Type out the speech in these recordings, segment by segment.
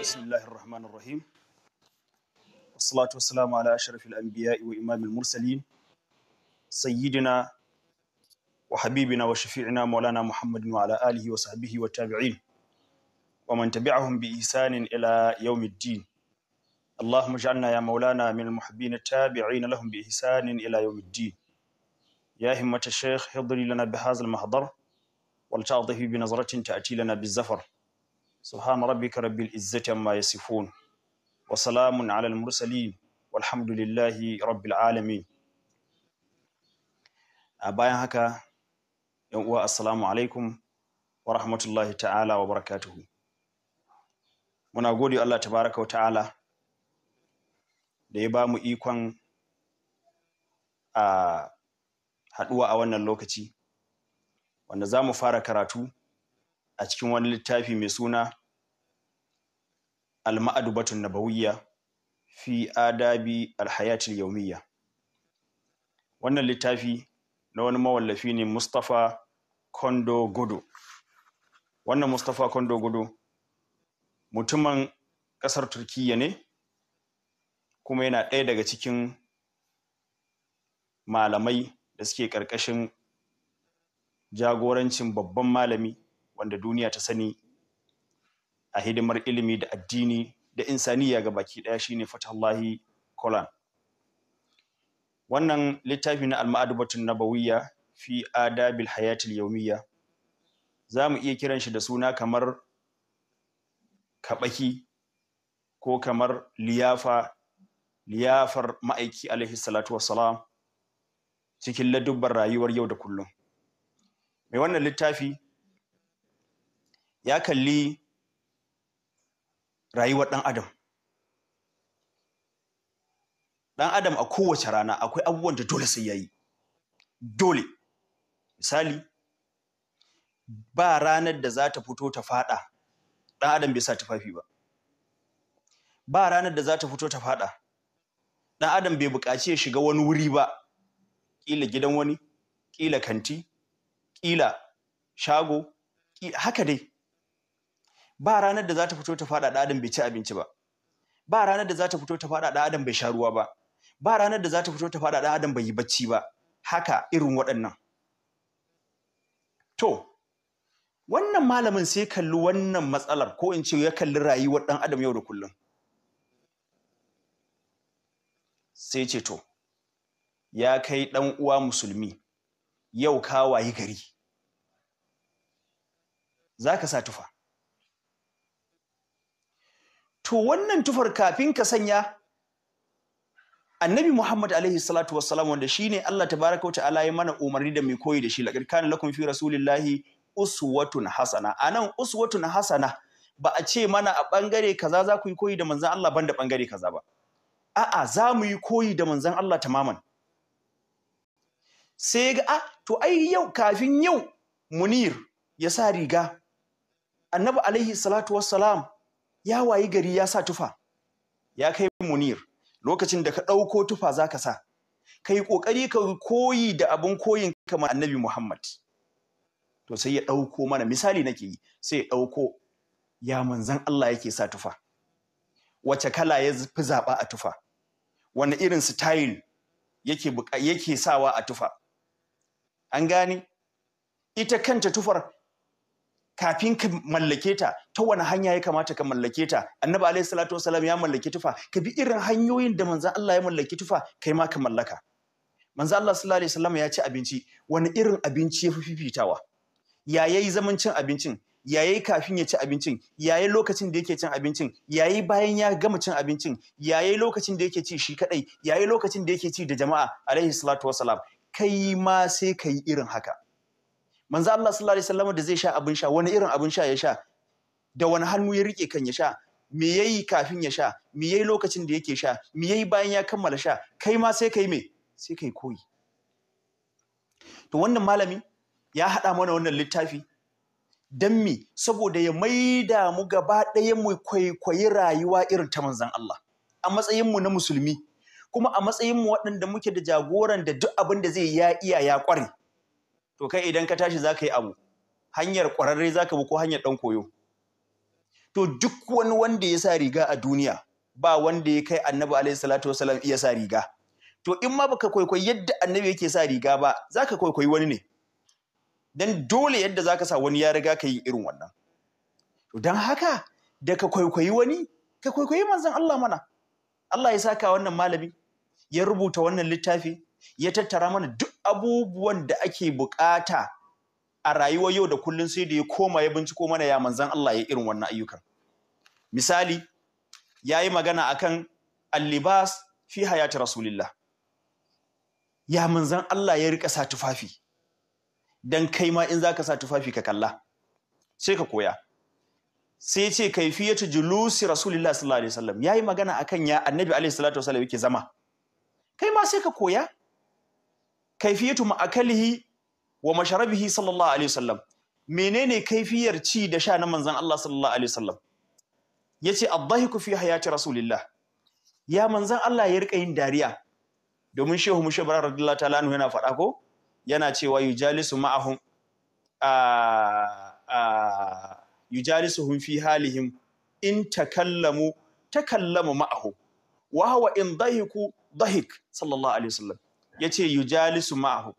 بسم الله الرحمن الرحيم والصلاة والسلام على أشرف الأنبياء وإمام المرسلين سيدنا وحبيبنا وشفيعنا مولانا محمد وعلى آله وصحبه والتابعين ومن تبعهم بإحسان إلى يوم الدين اللهم اجعلنا يا مولانا من المحبين التابعين لهم بإحسان إلى يوم الدين يا همة الشيخ حضري لنا بهذا المحضر ولتعطه بنظرة تأتي لنا بالزفر subhana rabbika rabbil izzati amma yasifun wa salamun ala al mursalin walhamdulillahi rabbil alamin a bayan haka yan uwa asalamu alaikum wa rahmatullahi ta'ala wa barakatuhu muna gode Allah tabaraka wa ta'ala da ya ba mu ikon a haɗuwa a wannan lokaci wanda za mu fara karatu a cikin wani littafi mai suna alma'adubatun nabawiyya fi adabi alhayatul yaumiyya wannan littafi na wani mawallafi ne mustapha kondo Gudu wannan mustapha kondo gudu mutumin ƙasar turkiyya ne kuma yana ɗaya daga cikin malamai da suke ƙarƙashin jagorancin babban malami wanda duniya ta sani a hidimar ilimi da addini da insaniya ga baki ɗaya shine fatallahi kolan wannan littafi na al-ma'adubatun nabawiyya fi adabil hayatil yaumiyya za mu iya kiran shi da suna kamar kabaki ko kamar liyafa liyafar ma'aiki alaihi salatu wassalam cikin ladubbar rayuwar yau da kullum mai wannan littafi ya kalli rayuwar ɗan adam ɗan adam a kowace rana akwai abubuwan da dole sai ya yi dole misali ba ranar da za ta fito ta faɗa ɗan adam bai sa tufafi ba ba ranar da za ta fito ta faɗa ɗan adam bai buƙaci ya shiga wani wuri ba ƙila gidan wani ƙila kanti ƙila shago haka dai ba ranar da za ta fito ta faɗa da adam bai ci abinci ba ba ranar da za ta fito ta faɗa da adam bai sha ruwa ba ba ranar da za ta fito ta faɗa da adam bai yi bacci ba haka irin waɗannan to wannan malamin sai kalli wannan matsalar ko in ce ya kalli rayuwar ɗan adam yau da kullum sai ce to ya kai ɗan uwa musulmi yau ka wayi gari za ka sa tufa to wannan tufar kafin ka sanya annabi Muhammad alaihi salatu wassalam wanda shine Allah wata Ala ya mana umarni da mai koyi da shi laqad kana lakum fi rasulillahi uswatun hasana anan uswatun hasana ba a ce mana a bangare kaza za ku yi koyi da manzon Allah banda bangare kaza ba a'a za mu yi koyi da manzon Allah tamaman sai ga a ah, to ai yau kafin yau munir ya sa riga annabi alaihi salatu wassalam ya wayi gari ya sa tufa ya kai munir lokacin da ka ɗauko tufa za ka sa ka yi ƙoƙari ka koyi da abin koyin kamar annabi muhammad to sai ya ɗauko mana misali nake yi sai ya ɗauko ya manzan allah yake sa tufa wace kala ya fi zaɓa a tufa wani irin style yake sawa a tufa an gane ita kanta tufar kafin ka mallake ta ta wani hanya ya kamata ka mallake ta annabi alaihi salatu wasalam ya mallaki tufa ka bi irin hanyoyin da manzon Allah ya mallaki tufa kai ma ka mallaka manzon Allah sallallahu alaihi wasallam ya ci abinci wani irin abinci ya fi fifitawa ya yayi zaman cin abincin ya yayi kafin ya ci abincin ya yayi lokacin da yake cin abincin ya yayi bayan ya gama cin abincin ya yayi lokacin da yake ci shi kadai ya yayi lokacin da yake ci da jama'a alaihi salatu wasalam kai ma sai ka yi irin haka manzo Allah sallallahu alaihi wasallam da zai sha abin sha wani irin abin sha ya sha da wani hannu ya rike kan ya sha me yayi kafin ya sha me yayi lokacin da yake sha me yayi bayan ya kammala sha kai ma sai kai me sai kai koyi to wannan malami ya haɗa mana wannan littafi dan mi saboda ya maida mu gaba ɗaya mu kwaikwayi rayuwa irin ta manzan Allah a matsayin mu na musulmi kuma a matsayin mu waɗanda muke da jagoran da duk abin da zai ya iya ya kware. to kai idan ka tashi zaka yi abu hanyar kwararre zaka bi ko hanyar dan koyo to duk wani wanda ya sa riga a duniya ba wanda ya kai annabi alaihi salatu wasallam iya sa riga to in ma baka kwaikwayi yadda annabi yake sa riga ba zaka kwaikwayi wani ne dan dole yadda zaka sa wani ya riga ka yi irin wannan to dan haka da ka kwaikwayi wani ka kwaikwayi manzon Allah mana Allah ya saka wannan malami ya rubuta wannan littafi ya tattara mana duk abubuwan da ake bukata a rayuwar yau da kullun sai da ya koma ya binciko mana ya manzan Allah ya irin wannan ayyukan misali yayi magana akan al-libas fi hayati rasulillah ya manzan Allah ya rika sa tufafi dan kai ma in zaka sa tufafi ka kalla sai ka koya sai ce ta julusi rasulillah sallallahu alaihi wasallam yayi magana akan ya annabi alaihi salatu wasallam yake zama kai ma sai ka koya kaifiyatu ma'akalihi wa masharabihi sallallahu alaihi wasallam menene kaifiyar ci da sha na manzon Allah sallallahu alaihi wasallam yace addahiku fi hayati rasulillah ya manzon Allah ya rika yin dariya domin shehu mushebara radiyallahu ta'ala anhu yana faɗa ko yana cewa yujalisu ma'ahum a yujalisuhum fi halihim in takallamu takallama ma'ahu wa huwa in dahiku dahik sallallahu alaihi wasallam Ya ce yace yujalisu ma'ahu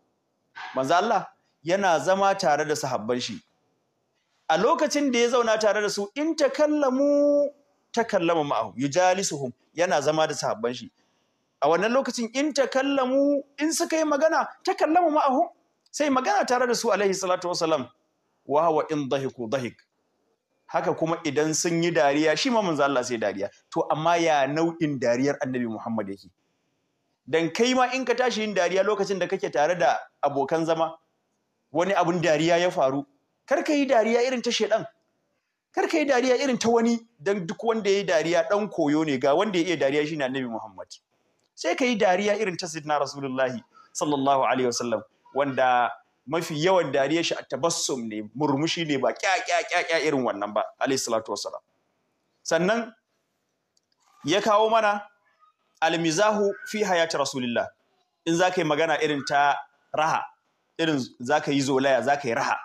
manzo Allah yana zama tare da sahabban shi a lokacin da ya zauna tare da su in takallamu takallama ma'ahu yujalisuhum yana zama da sahabban shi a wannan lokacin in takallamu in suka yi magana takallama ma'ahu sai magana tare da su alaihi salatu wasalam wa huwa dahiku dahik haka kuma idan sun yi dariya shi ma manzo Allah sai dariya to amma ya nau'in dariyar annabi Muhammad yake dan kai ma in ka tashi yin dariya lokacin da kake tare da abokan zama wani abun dariya ya faru kar ka yi dariya irin ta shedan kar ka yi dariya irin ta wani dan duk wanda ya yi dariya dan koyo ne ga wanda ya iya dariya shine annabi Muhammad sai ka yi dariya irin ta sidna rasulullahi sallallahu alaihi wasallam wanda mafi yawan dariyar shi a tabassum ne murmushi ne ba kya kya kya kya irin wannan ba alaihi salatu wasallam sannan ya kawo mana almizahu fi hayati rasulillah in zaka yi magana irin ta raha irin zaka yi zolaya zaka yi raha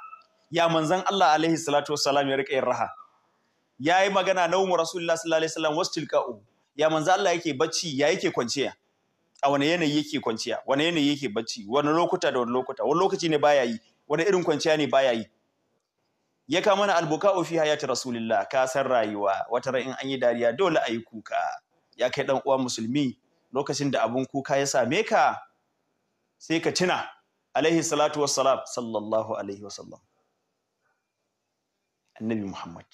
ya manzan Allah alaihi salatu wassalam ya rika yin raha yayi magana na nawmu rasulullah sallallahu alaihi wasallam wastilqa'u ya manzan Allah yake bacci ya yake kwanciya a wani yanayi yake kwanciya wani yanayi yake bacci wani lokuta da wani lokuta wani lokaci ne baya yi wani irin kwanciya ne baya yi ya kama na albuka'u fi hayati rasulillah ka san rayuwa wata ra'in in an yi dariya dole a yi kuka ya kai ɗan uwa musulmi lokacin da abun kuka ya same ka sai ka tuna alaihi salatu wassalam sallallahu alaihi wasallam annabi muhammad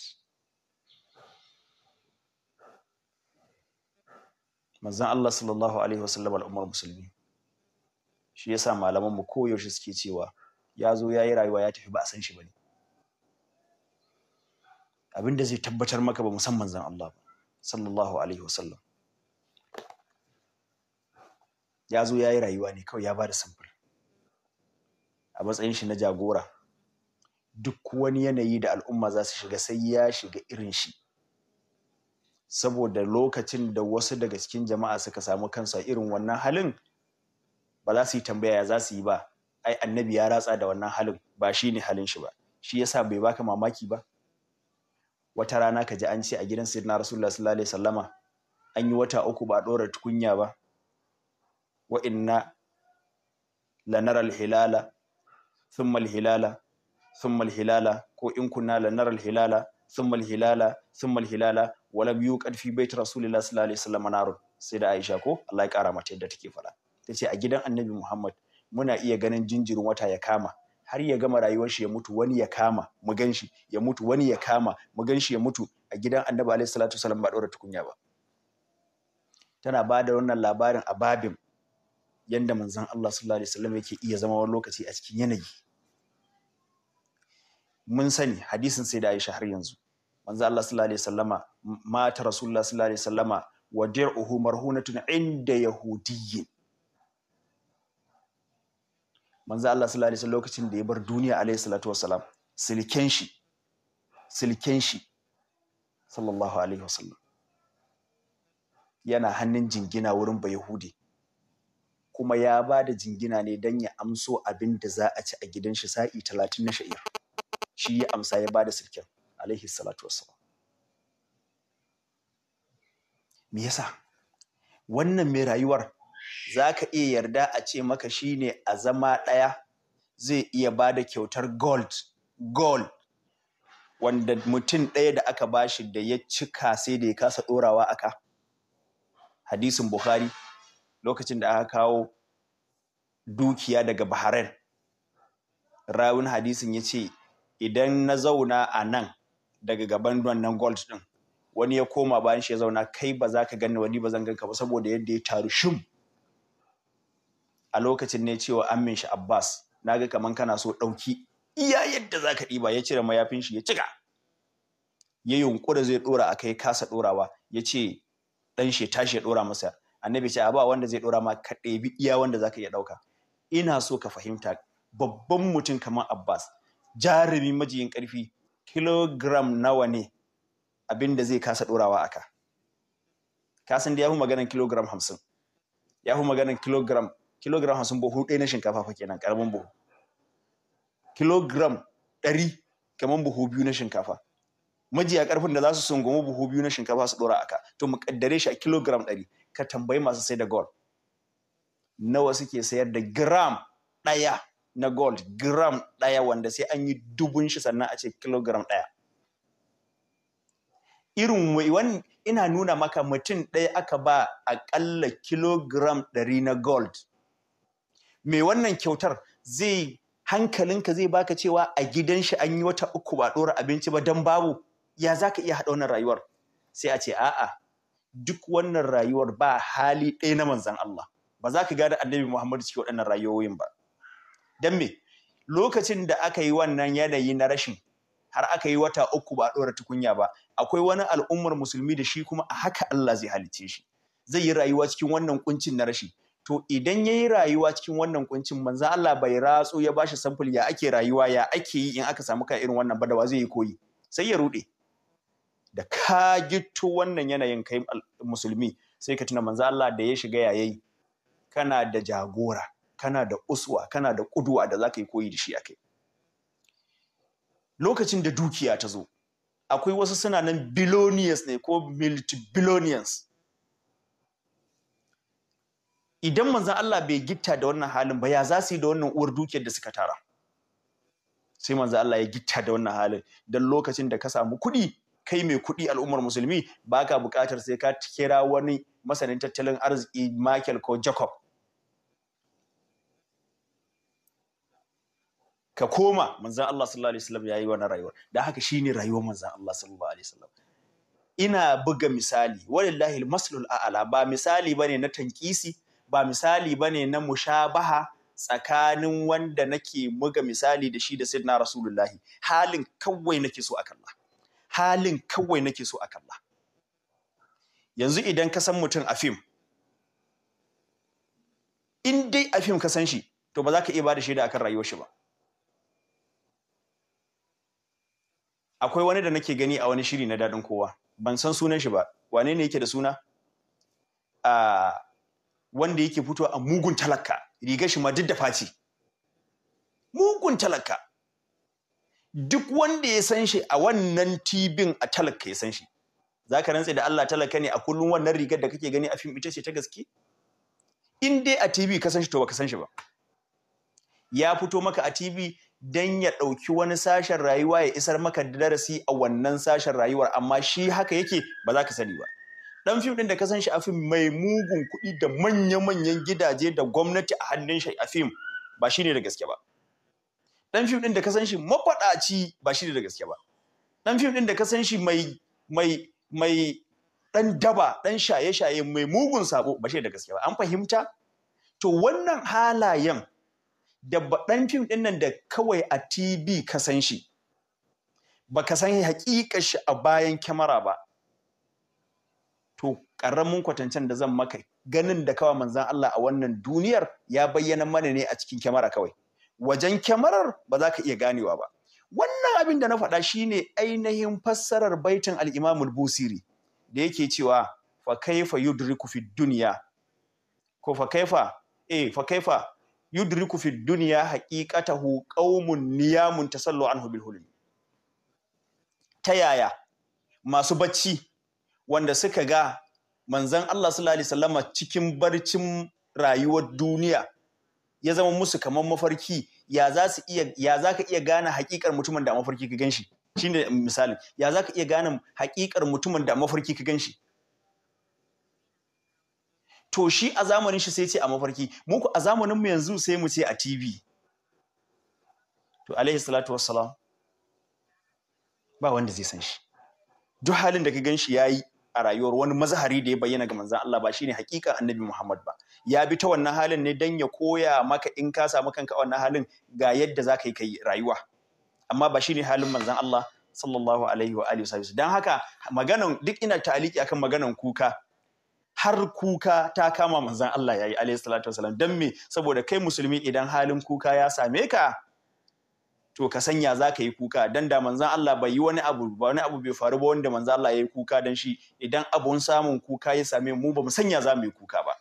manzan Allah sallallahu alaihi wasallam al'ummar musulmi shi sa malaman mu koyaushe suke cewa ya zo ya yi rayuwa ya tafi ba a san shi ba ne abin da zai tabbatar maka ba musamman zan Allah ba sallallahu alaihi wasallam ya zo ya yi rayuwa ne kawai ya ba da samfur a matsayin shi na jagora duk wani yanayi da al'umma za su shiga sai ya shiga irin shi saboda lokacin da wasu daga cikin jama'a suka samu kansa irin wannan halin ba za su yi tambaya ya za su yi ba ai annabi ya ratsa da wannan halin ba shi ne halin shi ba shi yasa bai baka mamaki ba wata rana ka ji an ce a gidan sayyidina rasulullah sallallahu alaihi wasallama an yi wata uku ba a ɗora tukunya ba wa inna lanara alhilala thumma alhilala thumma alhilala ko in kunna lanara alhilala thumma alhilala thumma alhilala wala biyu kadfi bait rasulillah sallallahu alaihi wasallam narun sai da Aisha ko Allah ya kara mata yadda take fada tace a gidan Annabi Muhammad muna iya ganin jinjirin wata ya kama har ya gama rayuwar shi ya mutu wani ya kama mu ganshi ya mutu wani ya kama mu ganshi ya mutu a gidan Annabi alaihi salatu wasallam ba daura tukunya ba tana ba da wannan labarin a babin yanda manzon Allah sallallahu alaihi wasallam yake iya zama wani lokaci a cikin yanayi mun sani hadisin sai da Aisha har yanzu manzo Allah sallallahu alaihi wasallama mata rasulullah sallallahu alaihi wasallama wa dir'uhu marhunatun inda yahudiyyin manzo Allah sallallahu alaihi lokacin da ya bar duniya alaihi salatu wasallam silken shi silken shi sallallahu alaihi wasallam yana hannun jingina wurin bayahudi kuma ya ba da jingina ne don ya amso abin da za a ci a gidan shi sa'i talatin na sha'ir shi ya amsa ya ba da sirkin alaihi salatu wassalam me yasa wannan mai rayuwar za ka iya yarda a ce maka shi ne a zama ɗaya zai iya ba da kyautar gold gold wanda mutum ɗaya da aka bashi da ya cika sai da ya kasa ɗorawa aka hadisin bukhari lokacin da aka kawo dukiya daga Bahrain rawun hadisin ya ce idan na zauna a nan daga gaban wannan gold din wani ya koma bayan shi ya zauna kai ba za ka gani wani ba zan ganka ba saboda yadda ya taru shum a lokacin ne cewa amin shi Abbas naga kamar kana so ɗauki iya yadda za ka ɗiba ya cire mayafin shi ya cika ya yunkura zai ɗora a kai kasa ɗorawa ya ce ɗan shi tashi ya ɗora masa annabi ce a ba wanda zai ɗora ma ka ɗebi iya wanda zaka iya ɗauka ina so ka fahimta babban mutum kamar abbas jarumi majiyin ƙarfi kilogram nawa ne abin da zai kasa ɗorawa aka ka san da ya fi maganan kilogram hamsin ya fi maganan kilogram kilogram hamsin buhu ɗaya na shinkafa fa kenan ƙaramin buhu kilogram ɗari kamar buhu biyu na shinkafa majiya ƙarfin da za su sungumi buhu biyu na shinkafa su ɗora aka to mu ƙaddare shi a kilogram ɗari ka tambayi masu sai da gold nawa suke sayar da gram ɗaya na gold gram ɗaya wanda sai an yi dubun shi sannan a ce kilogram ɗaya irin wani ina nuna maka mutum ɗaya aka ba aƙalla kilogram ɗari na gold mai wannan kyautar zai hankalinka zai baka cewa a gidan shi an yi wata uku ba ɗora abinci ba don babu ya za ka iya haɗa wannan rayuwar sai a ce a'a duk wannan rayuwar ba hali ɗaya na manzan Allah ba za ka gada annabi Muhammadu cikin waɗannan rayuwoyin ba Don me lokacin da aka yi wannan yanayi na rashin har aka yi wata uku ba a ɗora tukunya ba akwai wani al'ummar musulmi da shi kuma a haka Allah zai halice shi zai yi rayuwa cikin wannan kuncin na rashi to idan ya yi rayuwa cikin wannan kuncin manzan Allah bai ratso ya bashi samfur ya ake rayuwa ya ake yi in aka samu kan irin wannan ba da wa zai yi koyi sai ya ruɗe da ka gitto wannan yanayin kai musulmi sai ka tuna manzo Allah da ya shiga yayayi kana da jagora kana da uswa kana da kuduwa da zaka yi koyi da shi a kai. lokacin da dukiya ta zo akwai wasu suna nan billionaires ne ko multi-billionaires idan manzo Allah bai gitta da wannan halin ba ya za su yi da wannan uwar dukiyar da suka tara sai manzo Allah ya gitta da wannan halin dan lokacin da ka samu kuɗi kai mai kuɗi al'ummar musulmi baka buƙatar sai ka kira wani masanin tattalin arziki Michael ko Jacob ka koma manzan Allah sallallahu alaihi wasallam yi wani rayuwar da haka shine rayuwar manzan Allah sallallahu alaihi wasallam ina buga misali walillahi almaslul a'la ba misali bane na tankisi ba misali bane na mushabaha tsakanin wanda nake muga misali da shi da sayyidina rasulullahi halin kawai nake so a kalla halin kawai nake so a kalla yanzu idan ka san mutum a fim in dai a fim ka san shi to ba za ka iya ba da shaida akan rayuwar shi ba akwai wani da nake gani a wani shiri na daɗin kowa ban san sunan shi ba wane ne yake da suna a wanda yake fito a mugun talaka rigar shi ma duk da faci mugun talaka duk wanda ya san shi a wannan tibin a talaka ya san shi za ka rantse da Allah talaka ne a kullum wannan rigar da kake gani a fim ita ce ta gaske in dai a tv ka san shi to baka san shi ba ya fito maka a tv dan ya ɗauki wani sashen rayuwa ya isar maka darasi a wannan sashen rayuwar amma shi haka yake ba za ka sani ba dan fim ɗin da ka san shi a fim mai mugun kuɗi da manya-manyan gidaje da gwamnati a hannun shi a fim ba shi ne da gaske ba dan fim din da ka san shi makwadaci ba shi ne da gaske ba dan fim din da ka san shi mai mai mai dan daba dan shaye-shaye mai mugun sabo ba shi da gaske ba an fahimta to wannan halayen da dan fim din nan da kawai a TV ka san shi ba ka san hakikar shi a bayan kyamara ba to karamin kwatancen da zan maka ganin da kawai manzan Allah a wannan duniyar ya bayyana mana ne a cikin kyamara kawai wajen kyamarar ba za ka iya ganewa ba wannan abin da na faɗa shi ne ainihin fassarar baitin al busiri da yake cewa fa kaifa yudriku fi dunya ko fa kaifa eh fa kaifa yudriku fi dunya haqiqatahu ƙaumun niyamun sallo an bil hulun. ta yaya masu bacci wanda suka ga manzon Allah sallallahu alaihi wasallama cikin barcin rayuwar duniya ya zama musu kamar mafarki ya za su iya ya za ka iya gane hakikar mutumin da mafarki ka ganshi shine misali, ya za ka iya gane hakikar mutumin da mafarki ka ganshi to shi a zamanin shi sai ce a mafarki muku a zamanin mu yanzu sai mu ce a TV to alaihi salatu wassalam ba wanda zai san shi duk halin da ka ganshi yayi a rayuwar wani mazahari da ya bayyana ga manzan Allah ba shine hakika annabi Muhammad ba ya bi ta wannan halin ne dan ya koya maka in ka samu kanka wannan halin ga yadda za ka yi kai rayuwa amma ba shine halin manzan Allah sallallahu alaihi wa alihi wasallam dan haka maganan duk ina taliki akan maganar kuka har kuka ta kama manzan Allah yayi alaihi salatu wasallam dan me saboda kai musulmi idan halin kuka ya same ka to ka sanya za ka yi kuka dan da manzan Allah bai yi wani abu ba wani abu bai faru ba wanda manzan Allah ya yi kuka dan shi idan abun samun kuka ya same mu ba mu sanya za mu yi kuka ba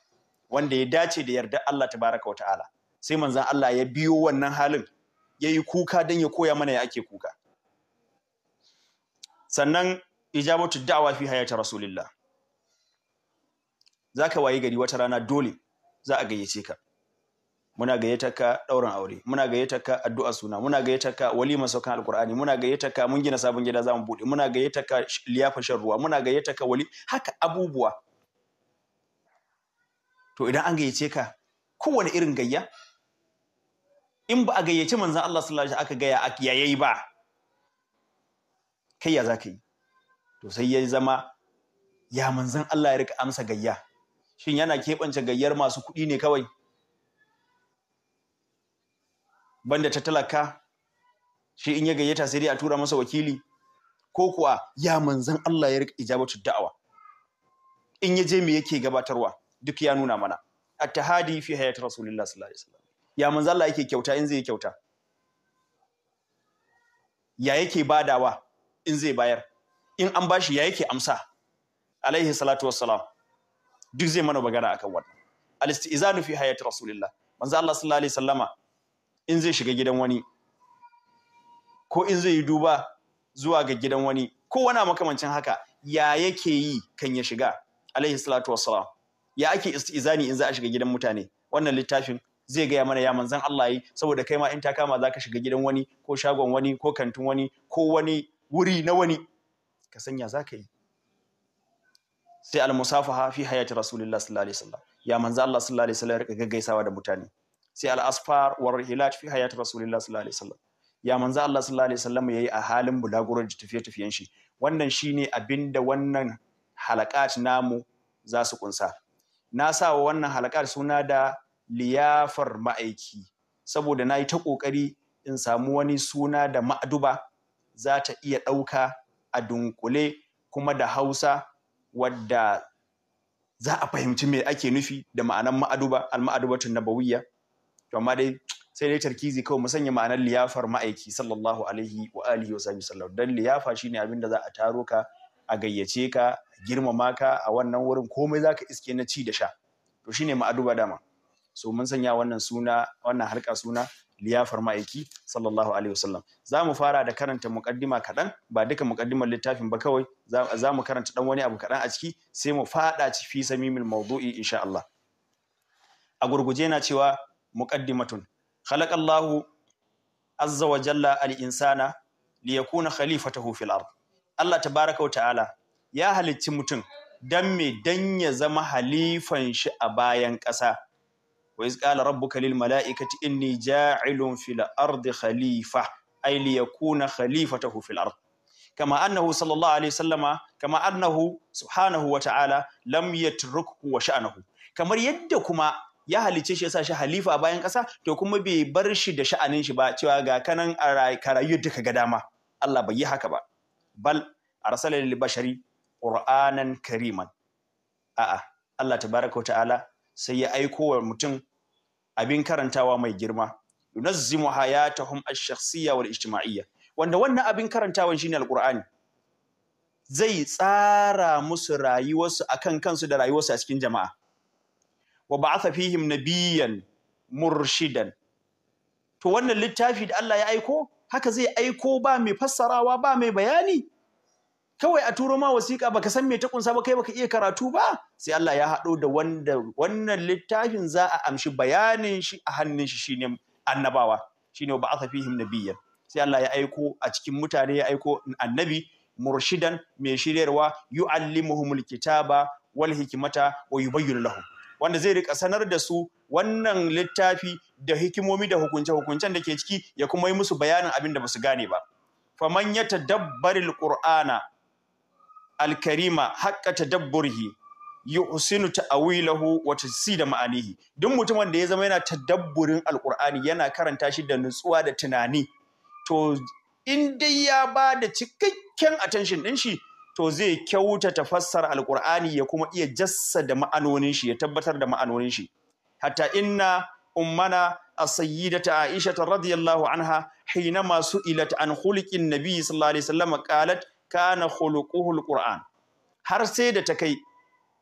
wanda ya dace da yarda Allah tabaraka ta'ala sai manzan Allah ya biyo wannan halin ya yi kuka dan ya koya mana ya ake kuka sannan ijabatu da'wa fi hayati rasulillah zaka waye gari wata rana dole za a gayyace ka muna gayyatar ka ɗaurin aure muna gayyatar ka addu'a suna muna gayyatar ka walima saukan alkur'ani muna gayyatar ka mun gina sabon gida zamu buɗe muna gayyatar ka liyafa shan ruwa muna gayyatar ka wali haka abubuwa to idan an gayyace ka kowane irin gayya in ba a gayyaci manzon Allah sallallahu alaihi aka gaya yayi ba kai ya zaka yi to sai ya zama ya manzon Allah ya rika amsa gayya shin yana keɓance gayyar masu kuɗi ne kawai banda ta talaka shi in ya gayyata sai dai a tura masa wakili ko kuwa ya manzan Allah ya rika ijabatu da'awa in ya je me yake gabatarwa duk ya nuna mana at-tahadi fi hayati rasulillah sallallahu alaihi wasallam ya manzan Allah yake kyauta in zai kyauta ya yake badawa in zai bayar in an bashi ya yake amsa alaihi salatu wassalam duk zai mana magana akan wannan al-istizanu fi hayati rasulillah manzan Allah sallallahu alaihi wasallama in zai shiga gidan wani ko in zai yi duba zuwa ga gidan wani ko wani makamancin haka ya yake yi kan ya shiga alaihi salatu wassalam ya ake izani in za a shiga gidan mutane wannan littafin zai gaya mana ya manzan Allah yi saboda kai ma in ta kama za ka shiga gidan wani ko shagon wani ko kantin wani ko wani wuri na wani ka sanya za ka yi sai al-musafaha fi hayati rasulillah sallallahu alaihi wasallam ya manzan Allah sallallahu alaihi wasallam ya rika gaggaisawa da mutane sai al-asfar war rihilat fi hayat rasulillah sallallahu alaihi wasallam ya manzo Allah sallallahu alaihi wasallam yayi a halin bulagurar tafiye tafiyen shi wannan shine abinda wannan halakat namu za su kunsa na sa wannan halakar suna da liyafar ma'aiki saboda na yi ta ƙoƙari in samu wani suna da ma'aduba za ta iya ɗauka a dunkule kuma da hausa wadda za a fahimci me ake nufi da ma'anan ma'aduba al-ma'adubatun nabawiyya to amma dai sai dai tarkizi kawai mu sanya ma'anar liyafar ma'aiki sallallahu alaihi wa alihi wa sallam dan liyafa shine abin da za a taro ka a gayyace ka girmama ka a wannan wurin komai zaka iske na ci da sha to shine ma'aduba dama so mun sanya wannan suna wannan harka suna liyafar ma'aiki sallallahu alaihi wasallam za mu fara da karanta muqaddima kaɗan ba duka muqaddimar littafin ba kawai za mu karanta ɗan wani abu kaɗan a ciki sai mu faɗa ci fi samimin mawdu'i insha Allah a gurguje na cewa muqaddimatun khalaqallahu azza wa jalla al-insana liyakuna khalifatahu fil ard Allah tabaraka wa ta'ala ya halicci mutum dan me dan ya zama halifan shi a bayan ƙasa wa iz qala rabbuka lil mala'ikati inni ja'ilun fil ardi khalifa ay liyakuna khalifatahu fil ard kama annahu sallallahu alaihi wasallama kama annahu subhanahu wa ta'ala lam yatrukhu wa sha'nahu kamar yadda kuma ya halice shi ya sa shi halifa a bayan ƙasa to kuma bai bar shi da sha'anin shi ba cewa ga kanan a duka ga dama Allah bai yi haka ba bal arsala lil bashari qur'anan kariman a'a Allah tabaraka ta'ala sai ya aiko wa mutum abin karantawa mai girma yunazzimu hayatahum ash-shakhsiyya wal ijtima'iyya wanda wannan abin karantawan shine alqur'ani zai tsara musu rayuwarsu akan kansu da rayuwarsu a cikin jama'a wa ba'atha fihim nabiyyan murshidan to wannan littafi da Allah ya aiko haka zai aiko ba mai fassarawa ba mai bayani kawai a turo ma wasiƙa baka san me ta kunsa ba kai baka iya karatu ba sai Allah ya haɗo da wanda wannan littafin za a amshi bayanin shi a hannun shi shine annabawa shine ba ba'atha fihim nabiyyan sai Allah ya aiko a cikin mutane ya aiko annabi murshidan mai shiryarwa yu'allimuhumul kitaba wal hikmata wa yubayyin lahum wanda zai rika sanar da su wannan littafi da hikimomi da hukunce-hukuncen da ke ciki ya kuma yi musu bayanin abin da ba su gane ba faman ya al qur'ana alkarima ta tadabburihi yuhsinu ta'awilahu wa da ma'anihi duk mutumin da ya zama yana tadabburin al-Qur'ani yana karanta shi da nutsuwa da tunani to in dai ya ba da cikakken attention ɗin shi to zai kyautata fassara Alƙur'ani ya kuma iya jassa da ma'anonin shi ya tabbatar da ma'anonin shi hatta inna ummana as-sayyidata Aisha radiyallahu anha hina ma su'ilat an khuliqin nabi sallallahu alaihi wasallam qalat kana khuluquhu alquran har sai da ta kai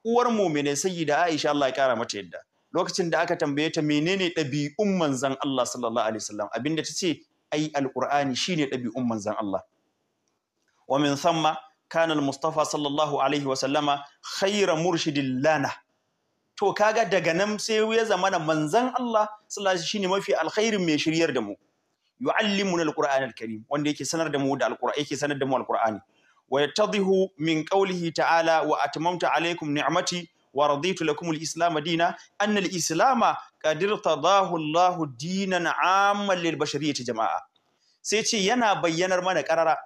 uwar mumine sayyida Aisha Allah ya kara mata yadda lokacin da aka tambaye ta menene ɗabi'un manzon Allah sallallahu alaihi wasallam abinda ta ce ai alqur'ani shine ɗabi'un manzan Allah wa min thamma kana al-mustafa sallallahu alaihi wa sallama khayra murshidin lana to kaga daga nan sai ya zamana manzon manzan Allah sallallahu alaihi shine mafi alkhairin mai shiryar da mu yu'allimuna al-qur'an al-karim wanda yake sanar da mu da al-qur'ani yake sanar da mu al-qur'ani wa yatadhihu min qawlihi ta'ala wa atamamtu alaikum ni'mati wa raditu lakum al dina anna al-islam qad irtadahu Allah dinan 'amman lil-bashariyyati jama'a sai ce yana bayyanar mana qarara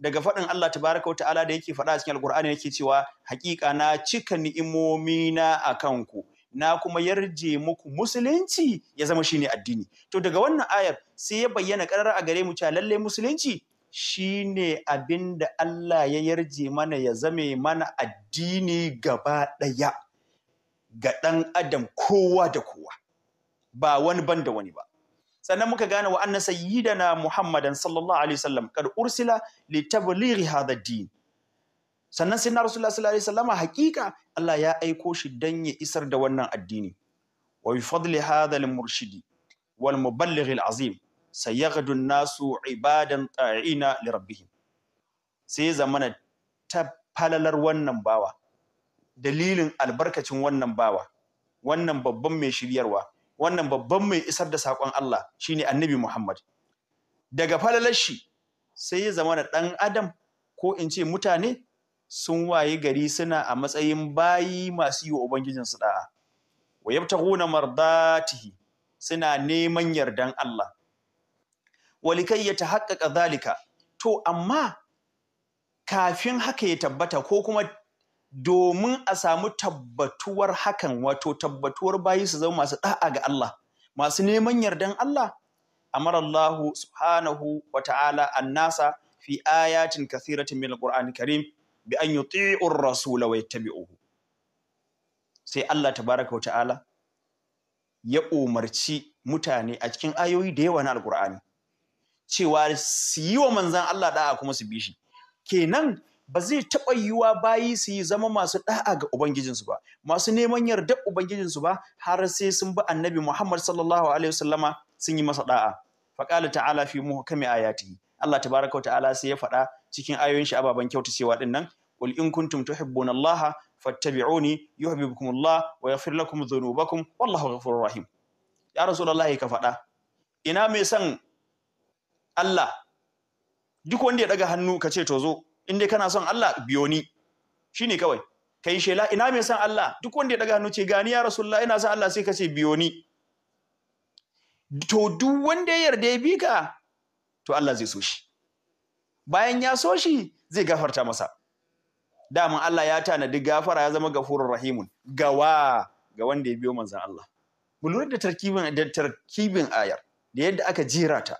daga faɗin Allah tabaraka ta'ala da yake faɗa a cikin Al-Qur'ani yake cewa haƙiƙa na cika ni'imomi na a kanku na kuma yarje muku musulunci ya zama shine addini to daga wannan ayar sai ya bayyana ƙarar a gare mu cewa lalle musulunci shine abin da Allah ya yarje mana ya zame mana addini gaba ɗaya ga ɗan adam kowa da kowa ba wani ban da wani ba sannan muka gane wa anna sayyidana muhammadan sallallahu alaihi wasallam kad ursila li tablighi hadha din sannan sai na rasulullah sallallahu alaihi wasallam hakika Allah ya aiko shi dan ya isar da wannan addini wa bi fadli hadha al murshidi wal muballigh al azim sayaghdu an nasu ibadan ta'ina li rabbihim sai zamana ta falalar wannan bawa dalilin albarkacin wannan bawa wannan babban mai shiryarwa wannan babban mai isar da saƙon Allah shi ne annabi Muhammad daga falalar shi sai ya zama da ɗan adam ko in ce mutane sun waye gari suna a matsayin bayi masu yi wa ubangijinsu da'a wa yabtaghuna mardatihi suna neman yardan Allah walikai ya haƙƙaƙa zalika to amma kafin haka ya tabbata ko kuma domin a samu tabbatuwar hakan wato tabbatuwar bayi su zama masu da'a ga Allah masu neman yardan Allah amarallahu subhanahu wa ta'ala annasa fi ayatin kathiratin min alqur'ani karim bi an ar rasula wa yattabi'uhu sai Allah tabaraka wa ta'ala ya umarci mutane a cikin ayoyi da yawa na alqur'ani cewa su yi wa manzan Allah da'a kuma su bi shi kenan ba zai taɓa yiwuwa bayi su yi zama masu ɗa'a ga Ubangijinsu ba, masu neman yarda Ubangijinsu ba har sai sun bi annabi Muhammad sallallahu Alaihi wasallama sun yi masa ɗa'a. Faƙala ta'ala fi muhkami ayati. Allah tabaraka wa ta'ala sai ya faɗa cikin ayoyin shi ababen cewa ɗin nan. Qul in kuntum tuhibbuna Allah fattabi'uni yuhibbukum Allah wa yaghfir lakum dhunubakum wallahu ghafurur rahim. Ya Rasulullahi ka faɗa. Ina mai san Allah duk wanda ya ɗaga hannu ka ce to zo in dai kana son Allah biyo ni shine kawai kai shela ina mai son Allah duk wanda ya daga hannu ce gani ya rasulullah ina son Allah sai ka ce biyo ni to duk wanda ya yarda ya bi ka to Allah zai so shi bayan ya so shi zai gafarta masa daman Allah ya tanadi gafara ya zama gafurur rahimun gawa ga wanda ya biyo manzon Allah mu lura da tarkibin da tarkibin ayar da yadda aka jira ta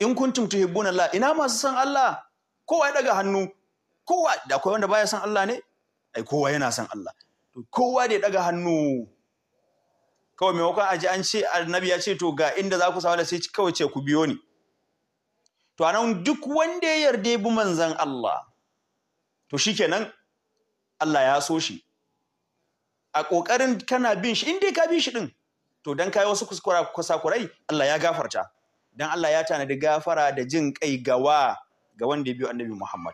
in kuntum tuhibbuna Allah ina masu san Allah kowa ya daga hannu kowa da akwai wanda baya san Allah ne ai kowa yana san Allah to kowa da ya daga hannu kawai maimakon aji an ce annabi ya ce to ga inda za ku samu da sai kawai ce ku biyo ni to anan duk wanda ya yarda bi manzan Allah to shikenan Allah ya so shi a kokarin kana bin shi in dai ka bi shi din to dan kai wasu kuskura kurai Allah ya gafarta dan Allah ya tanadi gafara da jin kai gawa ga wanda biyo annabi Muhammad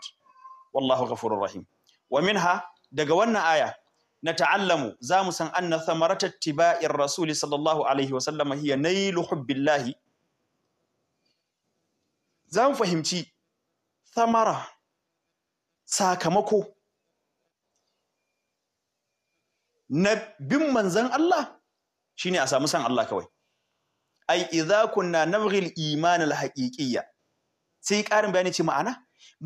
wallahu ghafurur rahim wa minha daga wannan aya na nata'allamu zamu san anna thamarata ittiba'ir rasul sallallahu alaihi wa sallam hiya nailu Za zamu fahimci thamara sakamako na bin manzan Allah shine a samu san Allah kawai ai idza kunna nabghi al-iman al-haqiqiyya sai karin bayani ce ma'ana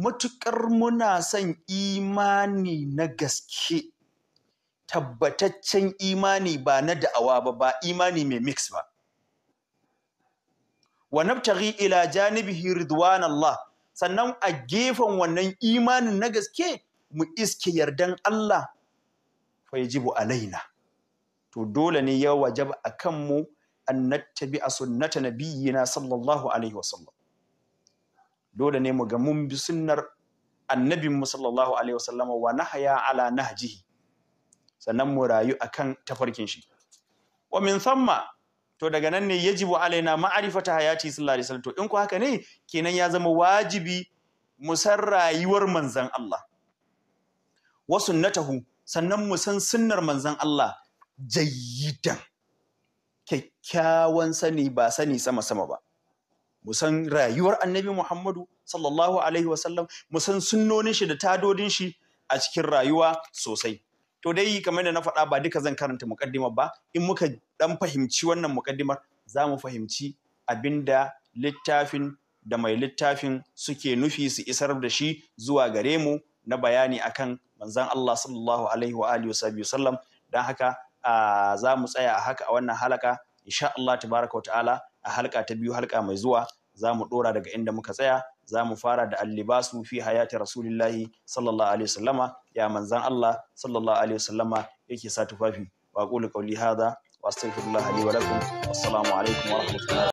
matukar muna son imani na gaske tabbataccen imani ba na da'awa ba ba imani mai mix ba wa nabtaghi ila janibihi ridwan Allah sannan a gefen wannan imanin na gaske mu iske yardan Allah fa yajibu alaina to dole ne ya wajaba akan mu an a sunnata nabiyyina sallallahu alaihi wasallam dole ne mu ga mun bi sunnar annabin mu sallallahu alaihi wasallam wa nahya ala nahjihi sannan mu rayu akan tafarkin shi wa min thamma to daga nan ne yajibu alaina ma'arifata hayati sallallahu alaihi wasallam to in ku haka ne kenan ya zama wajibi mu san rayuwar manzan Allah wa sunnatahu sannan mu san sunnar manzon Allah jayyidan kyakkyawan sani ba sani sama-sama ba. Mu san rayuwar annabi Muhammadu sallallahu Alaihi wasallam, mu sunnonin shi da tadodin shi a cikin rayuwa sosai. To dai kamar da na faɗa ba duka zan karanta muƙaddimar ba, in muka ɗan fahimci wannan muƙaddimar za mu fahimci abin da littafin da mai littafin suke nufi su isar da shi zuwa gare mu na bayani akan manzan Allah sallallahu alaihi wa alihi wasallam don haka za mu tsaya a haka a wannan halaka insha Allah tabaraka ta'ala a halka ta biyu halka mai zuwa za mu dora daga inda muka tsaya za mu fara da allibasu fi hayati rasulillahi sallallahu alaihi wasallama ya manzan Allah sallallahu alaihi wasallama yake sa tufafi wa qulu qawli hadha wa astaghfirullah li wa lakum assalamu alaikum wa rahmatullahi